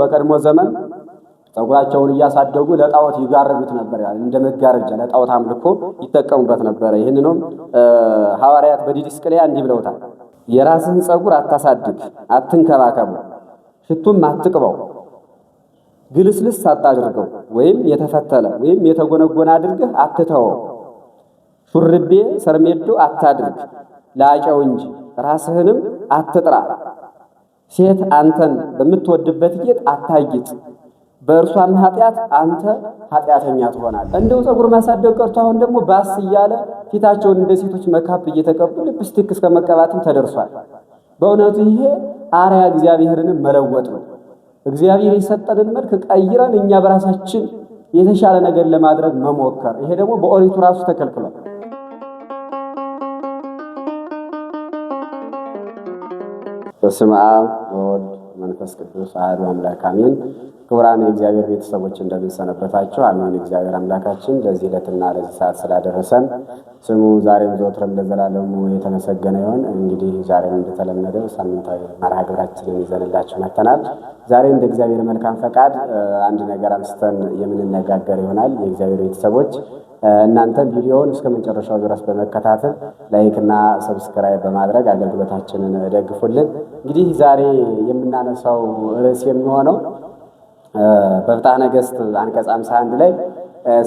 በቀድሞ ዘመን ፀጉራቸውን እያሳደጉ ለጣዖት ይጋርዱት ነበር። እንደ መጋረጃ ለጣዖት አምልኮ ይጠቀሙበት ነበረ። ይህንንም ሐዋርያት በዲድስቅልያ እንዲህ ብለውታል። የራስህን ፀጉር አታሳድግ፣ አትንከባከቡ፣ ሽቱም አትቅበው፣ ግልስልስ አታድርገው፣ ወይም የተፈተለ ወይም የተጎነጎነ አድርገህ አትተወው። ሹርቤ ሰርሜዶ አታድርግ፣ ላጨው እንጂ ራስህንም አትጥራ ሴት አንተን በምትወድበት ጌጥ አታጊጥ፣ በእርሷም ኃጢአት አንተ ኃጢአተኛ ትሆናለህ። እንደው ፀጉር ማሳደግ ቀርቶ አሁን ደግሞ ባስ እያለ ፊታቸውን እንደ ሴቶች መካፕ እየተቀቡ ሊፕስቲክ እስከ መቀባትም ተደርሷል። በእውነቱ ይሄ አርያ እግዚአብሔርን መለወጥ ነው። እግዚአብሔር የሰጠንን መልክ ቀይረን እኛ በራሳችን የተሻለ ነገር ለማድረግ መሞከር፣ ይሄ ደግሞ በኦሪቱ ራሱ ተከልክሏል። በስመ አብ ወወልድ መንፈስ ቅዱስ አሐዱ አምላክ አሜን። ክቡራን የእግዚአብሔር ቤተሰቦች እንደምንሰነበታችሁ፣ አሜን። እግዚአብሔር አምላካችን ለዚህ ዕለትና ለዚህ ሰዓት ስላደረሰን ስሙ ዛሬም ዘወትርም ለዘላለሙ የተመሰገነ ይሆን እንግዲህ ዛሬም እንደተለመደው ሳምንታዊ መርሃ ግብራችንን ይዘንላችሁ መጥተናል። ዛሬ እንደ እግዚአብሔር መልካም ፈቃድ አንድ ነገር አንስተን የምንነጋገር ይሆናል። የእግዚአብሔር ቤተሰቦች እናንተ ቪዲዮውን እስከ መጨረሻው ድረስ በመከታተል ላይክና ሰብስክራይብ በማድረግ አገልግሎታችንን ደግፉልን። እንግዲህ ዛሬ የምናነሳው ርዕስ የሚሆነው በፍትሐ ነገሥት አንቀጽ 51 ላይ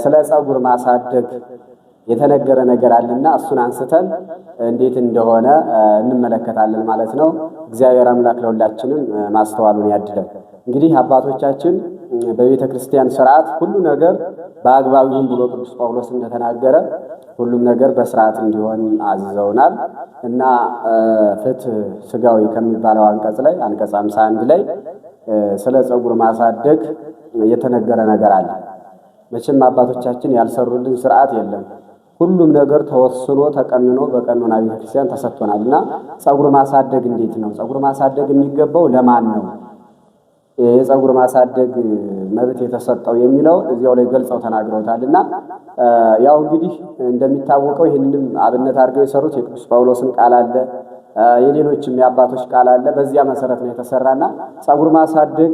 ስለ ፀጉር ማሳደግ የተነገረ ነገር አለና እሱን አንስተን እንዴት እንደሆነ እንመለከታለን ማለት ነው። እግዚአብሔር አምላክ ለሁላችንም ማስተዋሉን ያድለን። እንግዲህ አባቶቻችን በቤተ ክርስቲያን ስርዓት ሁሉ ነገር በአግባብ ይሁን ብሎ ቅዱስ ጳውሎስ እንደተናገረ ሁሉም ነገር በስርዓት እንዲሆን አዝዘውናል እና ፍትሕ ሥጋዊ ከሚባለው አንቀጽ ላይ አንቀጽ 51 ላይ ስለ ፀጉር ማሳደግ የተነገረ ነገር አለ። መቼም አባቶቻችን ያልሰሩልን ስርዓት የለም። ሁሉም ነገር ተወስኖ ተቀንኖ በቀኖና ቤተክርስቲያን ተሰጥቶናል እና ፀጉር ማሳደግ እንዴት ነው? ፀጉር ማሳደግ የሚገባው ለማን ነው? የፀጉር ማሳደግ መብት የተሰጠው የሚለው እዚያው ላይ ገልጸው ተናግረውታል እና ያው እንግዲህ እንደሚታወቀው ይህንም አብነት አድርገው የሰሩት የቅዱስ ጳውሎስን ቃል አለ የሌሎችም የአባቶች ቃል አለ። በዚያ መሰረት ነው የተሰራና ፀጉር ማሳደግ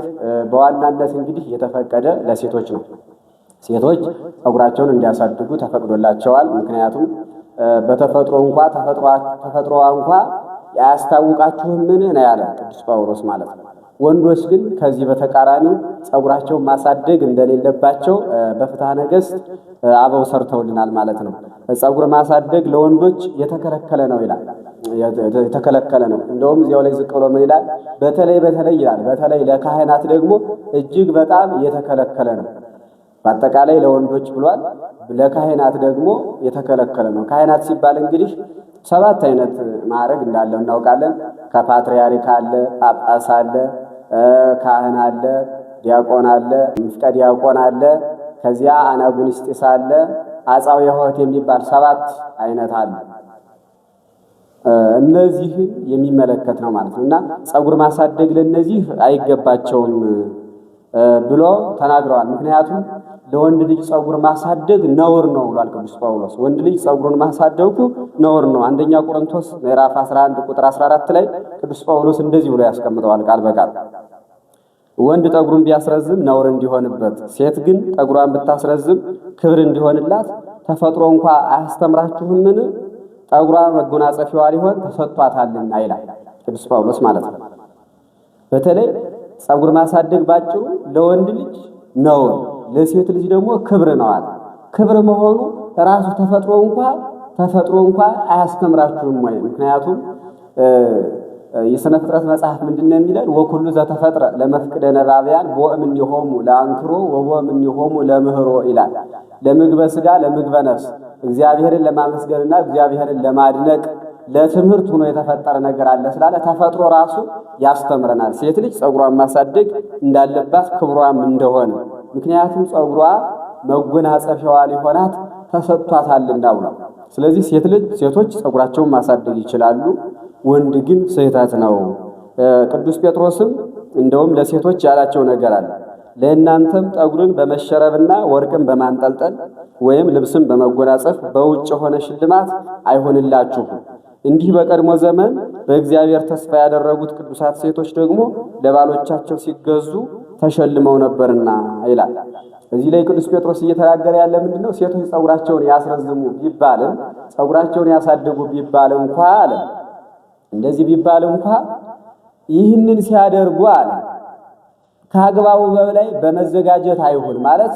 በዋናነት እንግዲህ የተፈቀደ ለሴቶች ነው። ሴቶች ፀጉራቸውን እንዲያሳድጉ ተፈቅዶላቸዋል። ምክንያቱም በተፈጥሮ እንኳ ተፈጥሮዋ እንኳ ምን ነው ያለ ቅዱስ ጳውሎስ ማለት ነው። ወንዶች ግን ከዚህ በተቃራኒ ፀጉራቸውን ማሳደግ እንደሌለባቸው በፍትሐ ነገሥት አበው ሰርተውልናል ማለት ነው። ፀጉር ማሳደግ ለወንዶች የተከለከለ ነው ይላል። የተከለከለ ነው። እንደውም እዚያው ላይ ዝቅ ብሎ ምን ይላል? በተለይ በተለይ ይላል። በተለይ ለካህናት ደግሞ እጅግ በጣም የተከለከለ ነው። በአጠቃላይ ለወንዶች ብሏል፣ ለካህናት ደግሞ የተከለከለ ነው። ካህናት ሲባል እንግዲህ ሰባት አይነት ማዕረግ እንዳለው እናውቃለን። ከፓትርያርክ አለ፣ ጳጳስ አለ፣ ካህን አለ፣ ዲያቆን አለ፣ ምፍቀ ዲያቆን አለ፣ ከዚያ አናጉንስጢስ አለ፣ አጻው የሆት የሚባል ሰባት አይነት አለ። እነዚህ የሚመለከት ነው ማለት ነው እና ፀጉር ማሳደግ ለእነዚህ አይገባቸውም ብሎ ተናግረዋል። ምክንያቱም ለወንድ ልጅ ፀጉር ማሳደግ ነውር ነው ብሏል ቅዱስ ጳውሎስ። ወንድ ልጅ ጸጉሩን ማሳደጉ ነውር ነው። አንደኛ ቆሮንቶስ ምዕራፍ 11 ቁጥር 14 ላይ ቅዱስ ጳውሎስ እንደዚህ ብሎ ያስቀምጠዋል ቃል በቃል ወንድ ጠጉሩን ቢያስረዝም ነውር እንዲሆንበት፣ ሴት ግን ጠጉሯን ብታስረዝም ክብር እንዲሆንላት ተፈጥሮ እንኳ አያስተምራችሁምን? ጠጉሯ መጎናጸፊዋ ሊሆን ተሰጥቷታልና ይላል ቅዱስ ጳውሎስ ማለት ነው። በተለይ ጸጉር ማሳደግ ባጭሩ ለወንድ ልጅ ነው፣ ለሴት ልጅ ደግሞ ክብር ነው አለ። ክብር መሆኑ ራሱ ተፈጥሮ እንኳ ተፈጥሮ እንኳ አያስተምራችሁም ወይ? ምክንያቱም የሥነ ፍጥረት መጽሐፍ ምንድን ነው የሚለን? ወኩሉ ዘተፈጥረ ለመፍቅደ ነባቢያን ቦእምን ይሆሙ ለአንክሮ ወቦምን ይሆሙ ለምህሮ ይላል። ለምግበ ስጋ ለምግበ ነፍስ እግዚአብሔርን ለማመስገንና እግዚአብሔርን ለማድነቅ ለትምህርት ሆኖ የተፈጠረ ነገር አለ ስላለ ተፈጥሮ ራሱ ያስተምረናል። ሴት ልጅ ፀጉሯን ማሳደግ እንዳለባት ክብሯም እንደሆነ ምክንያቱም ፀጉሯ መጎናጸፊያዋ ሊሆናት ተሰጥቷታልና ነው። ስለዚህ ሴት ልጅ ሴቶች ፀጉራቸውን ማሳደግ ይችላሉ፣ ወንድ ግን ስህተት ነው። ቅዱስ ጴጥሮስም እንደውም ለሴቶች ያላቸው ነገር አለ ለእናንተም ጠጉርን በመሸረብና ወርቅን በማንጠልጠል ወይም ልብስን በመጎናጸፍ በውጭ የሆነ ሽልማት አይሆንላችሁም። እንዲህ በቀድሞ ዘመን በእግዚአብሔር ተስፋ ያደረጉት ቅዱሳት ሴቶች ደግሞ ለባሎቻቸው ሲገዙ ተሸልመው ነበርና ይላል። እዚህ ላይ ቅዱስ ጴጥሮስ እየተናገረ ያለ ምንድን ነው? ሴቶች ጸጉራቸውን ያስረዝሙ ቢባልም ጸጉራቸውን ያሳድጉ ቢባል እንኳ አለ እንደዚህ ቢባል እንኳ ይህንን ሲያደርጉ አለ ከአግባቡ በላይ በመዘጋጀት አይሁን ማለት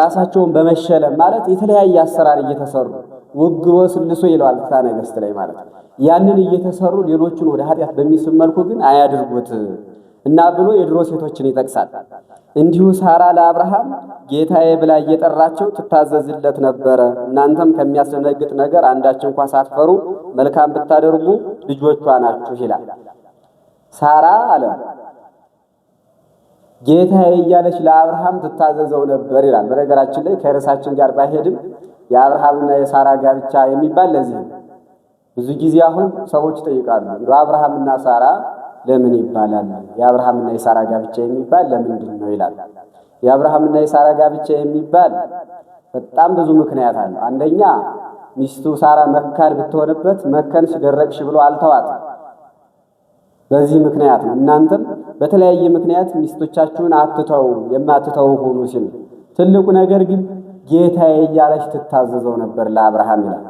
ራሳቸውን በመሸለም ማለት የተለያየ አሰራር እየተሰሩ ውግሮ ስልሶ ይለዋል ፍትሐ ነገሥት ላይ ማለት ያንን እየተሰሩ ሌሎችን ወደ ኃጢአት በሚስብ መልኩ ግን አያድርጉት እና ብሎ የድሮ ሴቶችን ይጠቅሳል። እንዲሁ ሳራ ለአብርሃም ጌታዬ ብላ እየጠራቸው ትታዘዝለት ነበረ። እናንተም ከሚያስደነግጥ ነገር አንዳች እንኳ ሳትፈሩ መልካም ብታደርጉ ልጆቿ ናችሁ ይላል። ሳራ አለ ጌታ እያለች ለአብርሃም ትታዘዘው ነበር ይላል። በነገራችን ላይ ከርዕሳችን ጋር ባይሄድም የአብርሃምና የሳራ ጋብቻ የሚባል ለዚህ ነው። ብዙ ጊዜ አሁን ሰዎች ይጠይቃሉ፣ አብርሃምና ሳራ ለምን ይባላል? የአብርሃምና የሳራ ጋብቻ የሚባል ለምንድን ነው ይላል። የአብርሃምና የሳራ ጋብቻ የሚባል በጣም ብዙ ምክንያት አለ። አንደኛ ሚስቱ ሳራ መካን ብትሆንበት መከንሽ ደረቅሽ ብሎ አልተዋትም። በዚህ ምክንያት ነው እናንተም በተለያየ ምክንያት ሚስቶቻችሁን አትተው የማትተው ሁኑ ሲል፣ ትልቁ ነገር ግን ጌታዬ እያለች ትታዘዘው ነበር ለአብርሃም ይላል።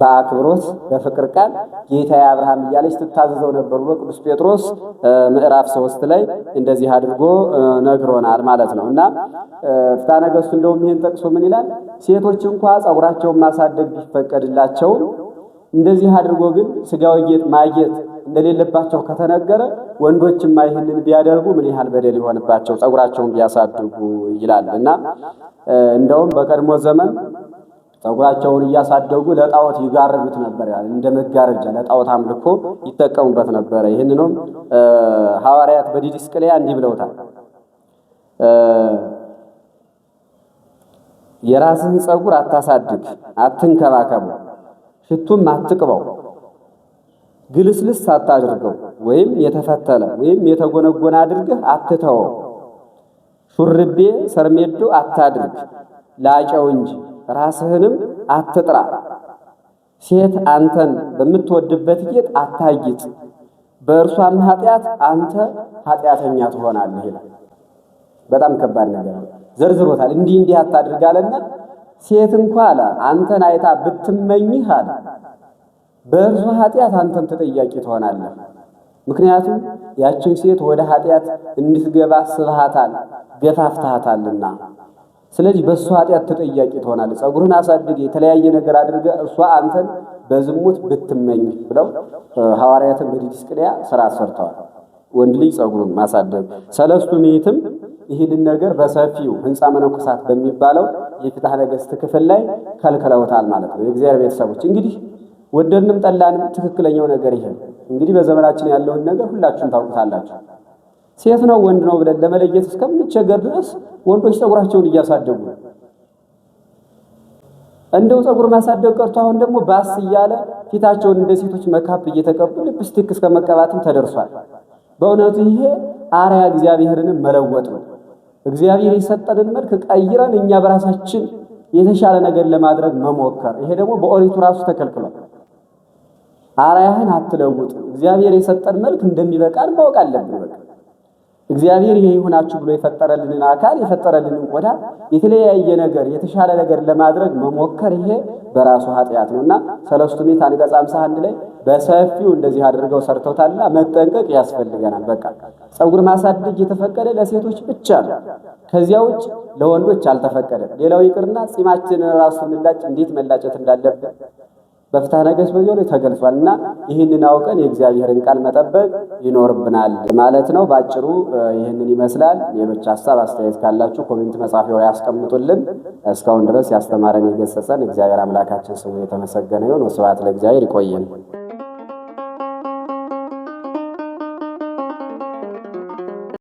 በአክብሮት በፍቅር ቃል ጌታዬ አብርሃም እያለች ትታዘዘው ነበር ብሎ ቅዱስ ጴጥሮስ ምዕራፍ ሶስት ላይ እንደዚህ አድርጎ ነግሮናል ማለት ነው። እና ፍትሐ ነገሥቱ እንደውም ይህን ጠቅሶ ምን ይላል? ሴቶች እንኳ ጸጉራቸውን ማሳደግ ቢፈቀድላቸው እንደዚህ አድርጎ ግን ስጋዊ ጌጥ ማጌጥ እንደሌለባቸው ከተነገረ ወንዶችማ ይህንን ቢያደርጉ ምን ያህል በደል ይሆንባቸው ጸጉራቸውን ቢያሳድጉ ይላል እና እንደውም በቀድሞ ዘመን ጸጉራቸውን እያሳደጉ ለጣዖት ይጋርዱት ነበር ይላል። እንደ መጋረጃ ለጣዖት አምልኮ ይጠቀሙበት ነበረ። ይህንንም ሐዋርያት በዲድስቅልያ እንዲህ ብለውታል። የራስህን ጸጉር አታሳድግ፣ አትንከባከቡ፣ ሽቱም አትቅበው ግልስልስ አታድርገው፣ ወይም የተፈተለ ወይም የተጎነጎነ አድርገህ አትተወው። ሹርቤ ሰርሜዶ አታድርግ፣ ላጨው እንጂ ራስህንም አትጥራ። ሴት አንተን በምትወድበት ጌጥ አታጊጥ፣ በእርሷም ኃጢአት አንተ ኃጢአተኛ ትሆናለህ ይላል። በጣም ከባድ ነገር ዘርዝሮታል። እንዲህ እንዲህ አታድርግ አለና ሴት እንኳ አለ አንተን አይታ ብትመኝህ አለ በእርሱ ኃጢአት አንተም ተጠያቂ ትሆናለህ። ምክንያቱም ያችን ሴት ወደ ኃጢአት እንድትገባ ስብሃታል፣ ገፋፍተሃታልና። ስለዚህ በእሷ ኃጢአት ተጠያቂ ትሆናለህ። ጸጉርህን አሳድግ፣ የተለያየ ነገር አድርገ እሷ አንተን በዝሙት ብትመኝ ብለው ሐዋርያትን በዲድስቅልያ ስራ ሰርተዋል። ወንድ ልጅ ጸጉሩን ማሳደግ ሰለስቱ ምዕትም ይህንን ነገር በሰፊው ህንፃ መነኮሳት በሚባለው የፍትሐ ነገሥት ክፍል ላይ ከልክለውታል ማለት ነው። የእግዚአብሔር ቤተሰቦች እንግዲህ ወደድንም ጠላንም ትክክለኛው ነገር ይሄ እንግዲህ በዘመናችን ያለውን ነገር ሁላችሁም ታውቁታላችሁ። ሴት ነው ወንድ ነው ብለን ለመለየት እስከምንቸገር ድረስ ወንዶች ፀጉራቸውን እያሳደጉ እንደው ፀጉር ማሳደግ ቀርቶ አሁን ደግሞ ባስ እያለ ፊታቸውን እንደ ሴቶች መካፕ እየተቀቡ ልፕስቲክ እስከ መቀባትም ተደርሷል። በእውነቱ ይሄ አርያ እግዚአብሔርንም መለወጥ ነው። እግዚአብሔር የሰጠንን መልክ ቀይረን እኛ በራሳችን የተሻለ ነገር ለማድረግ መሞከር፣ ይሄ ደግሞ በኦሪቱ ራሱ ተከልክሏል። አራያህን አትለውጡ። እግዚአብሔር የሰጠን መልክ እንደሚበቃን ማወቅ አለብን። በቃ እግዚአብሔር ይሄ ይሁናችሁ ብሎ የፈጠረልንን አካል የፈጠረልንን ቆዳ የተለያየ ነገር የተሻለ ነገር ለማድረግ መሞከር ይሄ በራሱ ኃጢአት ነውና ሰለስቱ ምዕት አንቀጽ ሃምሳ አንድ ላይ በሰፊው እንደዚህ አድርገው ሰርተውታልና መጠንቀቅ ያስፈልገናል። በቃ ፀጉር ማሳደግ የተፈቀደ ለሴቶች ብቻ ነው። ከዚያ ውጭ ለወንዶች አልተፈቀደም። ሌላው ይቅርና ጺማችንን ራሱ ምላጭ እንዴት መላጨት እንዳለብን በፍትሐ ነገሥት በዚሁ ላይ ተገልጿል እና ይህንን አውቀን የእግዚአብሔርን ቃል መጠበቅ ይኖርብናል ማለት ነው። በአጭሩ ይህንን ይመስላል። ሌሎች ሀሳብ አስተያየት ካላችሁ ኮሜንት መጻፊያው ላይ ያስቀምጡልን። እስካሁን ድረስ ያስተማረን የገሰጸን እግዚአብሔር አምላካችን ስሙ የተመሰገነ ይሁን። ወስብሐት ለእግዚአብሔር። ይቆየን።